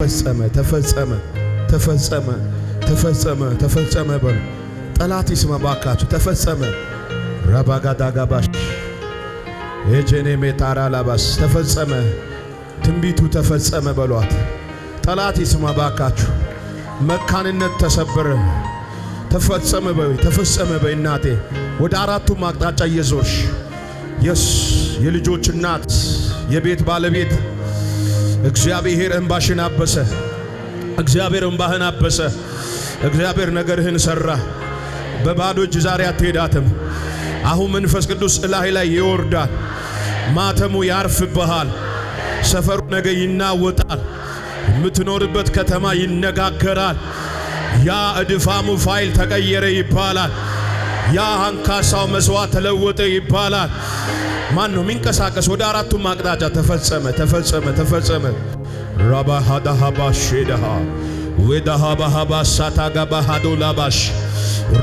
ተፈጸመ ተፈጸመ ተፈጸመ ተፈጸመ ተፈጸመ በሉ። ጠላት ይስማ ባካችሁ። ተፈጸመ ረባጋዳጋባሽ የጄኔ ሜታራ ላባስ ተፈጸመ። ትንቢቱ ተፈጸመ በሏት። ጠላት ይስማ ባካችሁ። መካንነት ተሰበረ። ተፈጸመ በይ ተፈጸመ በይ እናቴ ወደ አራቱም አቅጣጫ እየዞርሽ የስ የልጆች እናት የቤት ባለቤት እግዚአብሔር እንባሽን አበሰ። እግዚአብሔር እንባህን አበሰ። እግዚአብሔር ነገርህን ሰራ። በባዶ እጅ ዛሬ አትሄዳትም። አሁን መንፈስ ቅዱስ እላህ ላይ ይወርዳል። ማተሙ ያርፍብሃል። ሰፈሩ ነገ ይናወጣል። የምትኖርበት ከተማ ይነጋገራል። ያ እድፋሙ ፋይል ተቀየረ ይባላል። ያ አንካሳው መስዋዕት ተለወጠ ይባላል። ማን ነው የሚንቀሳቀስ? ወደ አራቱም አቅጣጫ ተፈጸመ፣ ተፈጸመ፣ ተፈጸመ። ራባ ሃዳ ሃባ ሼዳሃ ወዳ ሃባ ሃባ ሳታ ጋባ ሃዶ ላባሽ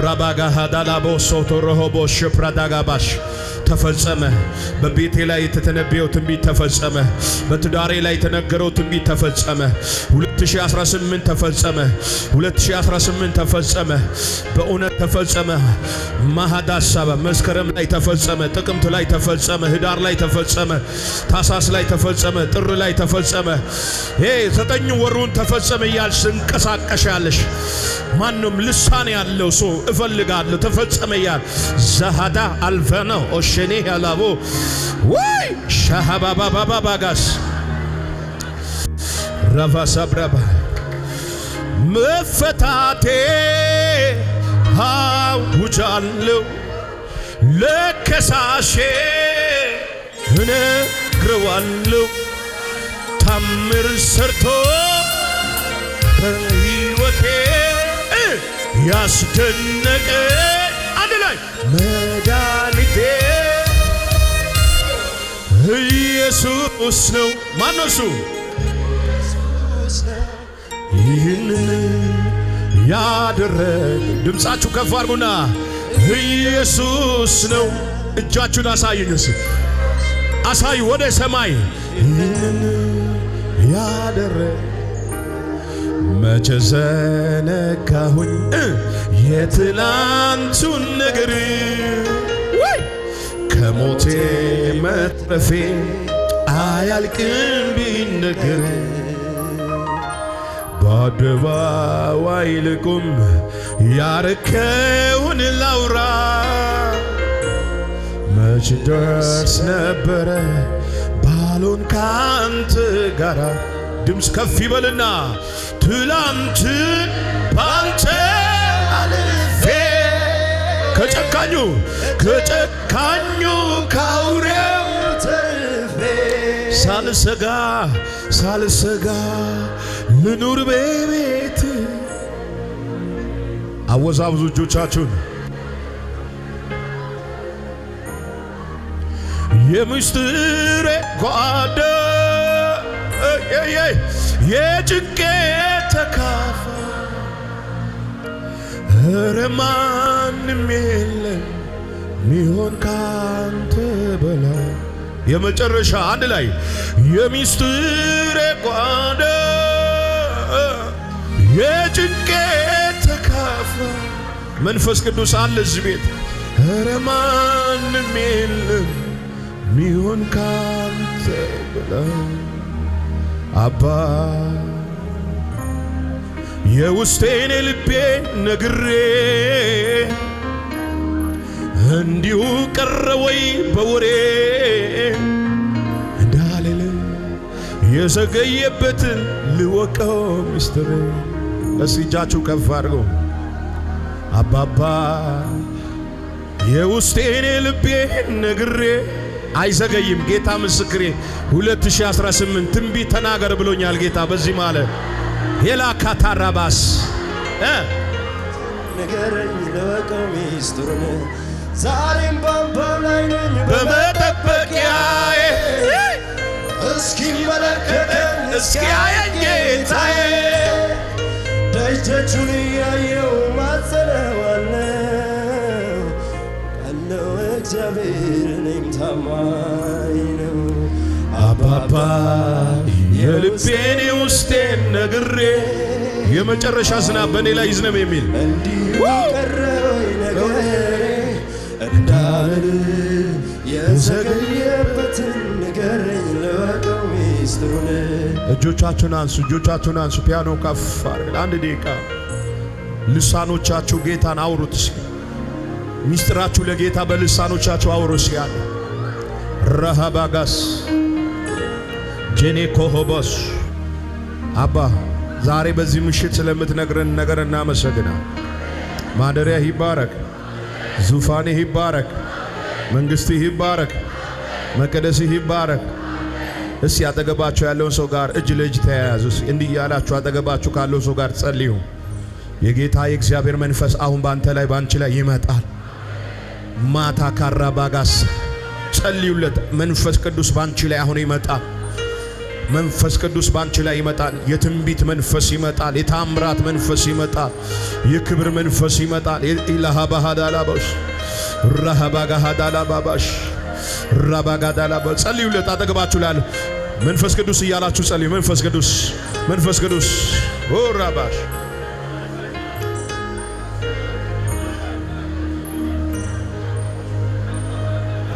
ራባ ጋ ሃዳ ላቦ ሶቶ ረሆቦ ሽፕራዳ ጋባሽ ተፈጸመ። በቤቴ ላይ የተተነበየው ትንቢት ተፈጸመ። በትዳሬ ላይ የተነገረው ትንቢት ተፈጸመ። 2018 ተፈጸመ። 2018 ተፈጸመ። በእውነት ተፈጸመ። ማሃዳ መስከረም ላይ ተፈጸመ፣ ጥቅምት ላይ ተፈጸመ፣ ህዳር ላይ ተፈጸመ፣ ታሳስ ላይ ተፈጸመ፣ ጥር ላይ ተፈጸመ። ይሄ ዘጠኝ ወሩን ተፈጸመ እያልሽ እንቀሳቀሻለሽ። ማንም ልሳን ያለው ሰው እፈልጋለሁ ተፈጸመ እያል ዘሃዳ አልፈነው ኦሸኔ ያላቦ ወይ ሻሃባባባባጋስ ራቫሳብራባ መፈታቴ አውጃለሁ ለከሳሼ እነግረዋለሁ ታምር ሰርቶ በሕይወቴ ያስደነቀ አንድ ላይ መድኃኒቴ ኢየሱስ ነው። ማነው ይህንን ያደረግ ድምፃችሁ ከፍ አድርጉና ኢየሱስ ነው። እጃችሁን አሳዩኝ፣ አሳዩ ወደ ሰማይ። ይህንን ያደረግ መቼ ዘነጋሁኝ የትላንቱን ነገር ከሞቴ መትረፌ አያልቅም ቢነገር አደባባይ ልቁም ያረከውን ላውራ መች ደርስ ነበረ ባሎን ካንተ ጋራ ድምፅ ከፍ ይበልና ትላንትን ባንተ አልፌ ከጨካኙ ከጨካኙ ካውሬው ተርፌ ሳልሰጋ ሳልሰጋ ልኑር በቤት አወዛብዙ እጆቻችሁን የምስጢሬ ጓደ የጭንቄ ተካፋ እረ ማንም የለም ሚሆን ካንተ በላይ የመጨረሻ አንድ ላይ የሚስጢሬ ጓደ የጭንቄ ተካፋ መንፈስ ቅዱስ አለ እዚህ ቤት። እረ ማንም የለም ሚሆን ካንተ በላይ አባ የውስጤን ልቤ ነግሬ እንዲሁ ቀረ ወይ በወሬ እንዳልል የዘገየበትን ልወቀው ምስጢር እስቲ እጃችሁ ከፍ አድርጎ አባባ የውስጤን ልቤ ነግሬ አይዘገይም ጌታ ምስክሬ 2018 ትንቢት ተናገር ብሎኛል ጌታ በዚህ ማለ ሄላ ካታራባስ ንገረኝ ለወቀው ሚስጥሩን ዛሬም በአንባብ ላይ ነኝ በመጠበቂያዬ እስኪመለከተኝ እስኪያየኝ ጌታዬ ልጆቹን እያየው ማጸነዋለው አለው እግዚአብሔር እኔም ታማኝ ነው። አባባ የልቤን ውስጤን ነግሬ የመጨረሻ ዝናብ በእኔ ላይ ይዝነብ የሚል እንዲሁ ቀረ ነገር እጆቻችሁን አንሱ፣ እጆቻችሁን አንሱ። ፒያኖ ከፍ አድርገን አንድ ደቂቃ ልሳኖቻችሁ ጌታን አውሩት። ሚስጥራችሁ ለጌታ በልሳኖቻችሁ አውሩ። ሲያል ረሃባጋስ ጄኔ ኮሆቦስ አባ ዛሬ በዚህ ምሽት ስለምትነግረን ነገር እናመሰግና። ማደሪያ ይባረክ፣ ዙፋኔ ይባረክ፣ መንግሥት ይባረክ፣ መቅደስ ይባረክ። እስ አጠገባችሁ ያለውን ሰው ጋር እጅ ለእጅ ተያያዙ። እንዲህ እያላችሁ አጠገባችሁ ካለው ሰው ጋር ጸልዩ። የጌታ የእግዚአብሔር መንፈስ አሁን ባንተ ላይ ባንቺ ላይ ይመጣል። ማታ ካራ ባጋስ ጸልዩለት። መንፈስ ቅዱስ ባንቺ ላይ አሁን ይመጣል። መንፈስ ቅዱስ ባንቺ ላይ ይመጣል። የትንቢት መንፈስ ይመጣል። የታምራት መንፈስ ይመጣል። የክብር መንፈስ ይመጣል። ኢላሃ ባሃዳላ ባሽ ረሃ ባጋሃዳላ ባባሽ ራባጋዳላ በጸልዩ አጠገባችሁ ላለ መንፈስ ቅዱስ እያላችሁ ጸልዩ። መንፈስ ቅዱስ መንፈስ ቅዱስ ራባሽ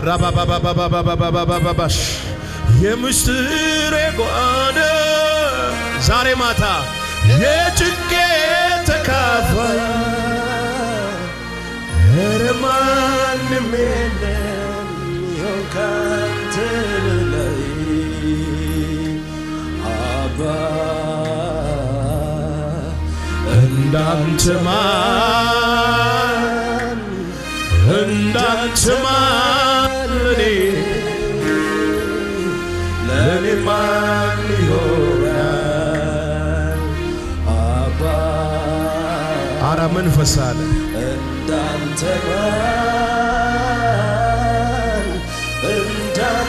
ራባባባባባባባባባባባሽ የምስጢሬ ጓደ ዛሬ ማታ የጭንቄ ተካፋይ ኧረ ማንም የለም ከንትር ላይ አባ እንዳንትማን እንዳንትማን ማን ይሆናል አባ አረ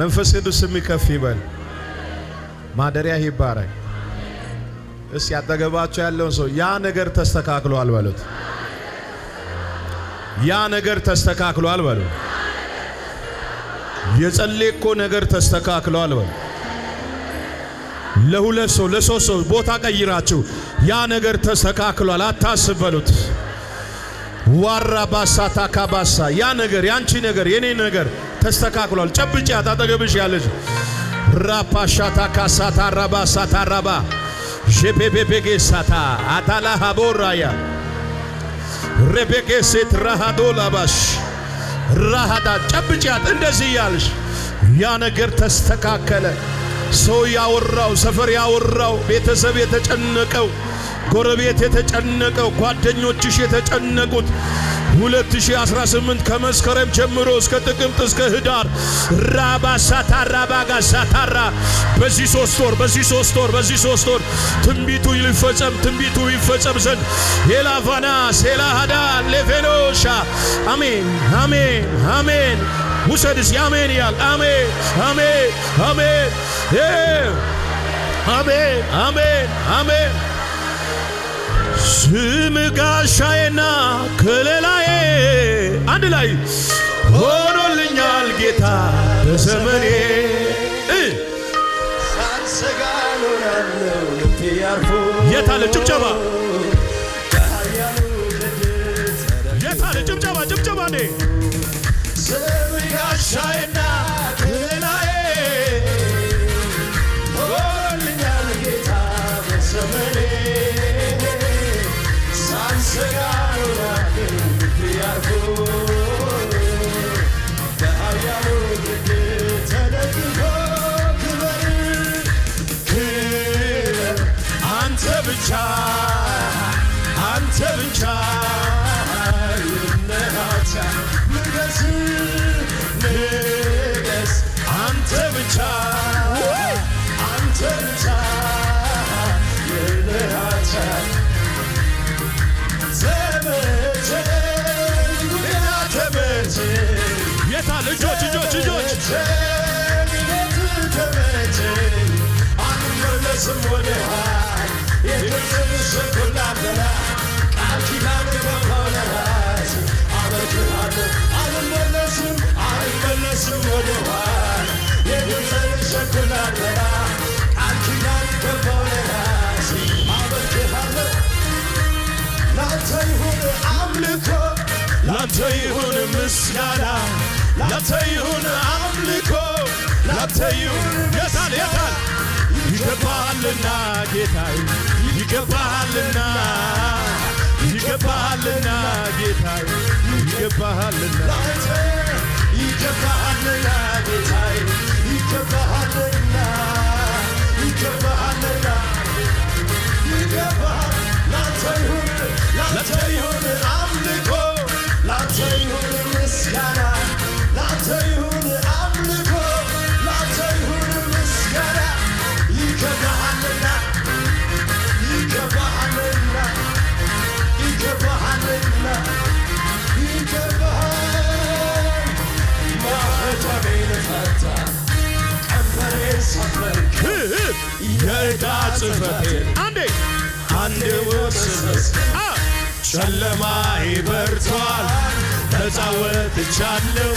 መንፈስ ቅዱስ ስም ከፍ ይበል። ማደሪያ ይባረክ። እስ ያጠገባቸው ያለውን ሰው ያ ነገር ተስተካክሏል በሉት። ያ ነገር ተስተካክሏል በሉት። የጸለይኮ ነገር ተስተካክሏል በሉት። ለሁለት ሰው ለሶስት ሰው ቦታ ቀይራችሁ ያ ነገር ተስተካክሏል አታስብ በሉት። ዋራ ባሳ ታካባሳ ያ ነገር ያንቺ ነገር የኔ ነገር ተስተካክሏል። ጨብጫት አጠገብሽ ያለች ራፓሻታ ካሳታ ራባ ሳታ ራባ ሼፔፔፔጌ ሳታ አታላ ሀቦራያ ሬቤጌ ሴት ራሃዶ ላባሽ ራሃዳ ጨብጫት እንደዚህ ያልሽ ያ ነገር ተስተካከለ። ሰው ያወራው፣ ሰፈር ያወራው፣ ቤተሰብ የተጨነቀው፣ ጎረቤት የተጨነቀው፣ ጓደኞችሽ የተጨነቁት 2018 ከመስከረም ጀምሮ እስከ ጥቅምት እስከ ህዳር ራባ ሳታራ ባጋ ሳታራ በዚህ ሶስት ወር በዚህ ሶስት ወር በዚህ ሶስት ወር ትንቢቱ ይፈጸም ትንቢቱ ይፈጸም ዘንድ ሄላቫና ሴላሃዳ ሌቬኖሻ አሜን አሜን አሜን ውሰድስ የአሜን ያል አሜን አሜን አሜን አሜን አሜን አሜን ስም ጋሻ ላይ ሆኖልኛል ጌታ በዘመኔ ሳንሰጋ ኖራለው ልቤ ያርፎ የታለ ጭብጨባ ሆነሃል የድምፅን ስኩናበላ ቃል ኪዳን በሆነሃል አመልክሃለሁ አልመለስም ላንተ ይሁን ምስጋና ላንተ ይሁን አምልኮ ላንተ ይሁን ገሳል የታ ይገባልና ጌታዬ ይገባልና ይገባልና ጌታዬ ይገባልና ይገባልና ጌታዬ ይገባልና ይገባልና ይገባ ላንተ ይሁን ላንተ የዕዳ ጽሕፈቴ አንዴ አንዴ ወስበት ጨለማ ይበርቷል ተጫወትቻለሁ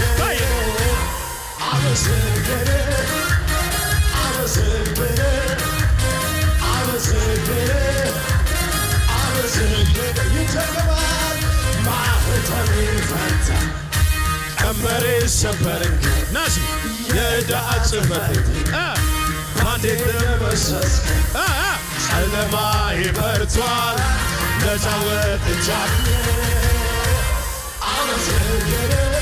አመሰግን አመሰግን አመሰግን አመሰግን ይጀምራል ማህተሜ ፈታ ቀንበሬ ሰበረኝ ናሲ የዕዳ ጽሕፈቴ አንዴ ደመሰስ ጨለማዬ በርቷል ነፃ ወጥቻለሁ አመስግን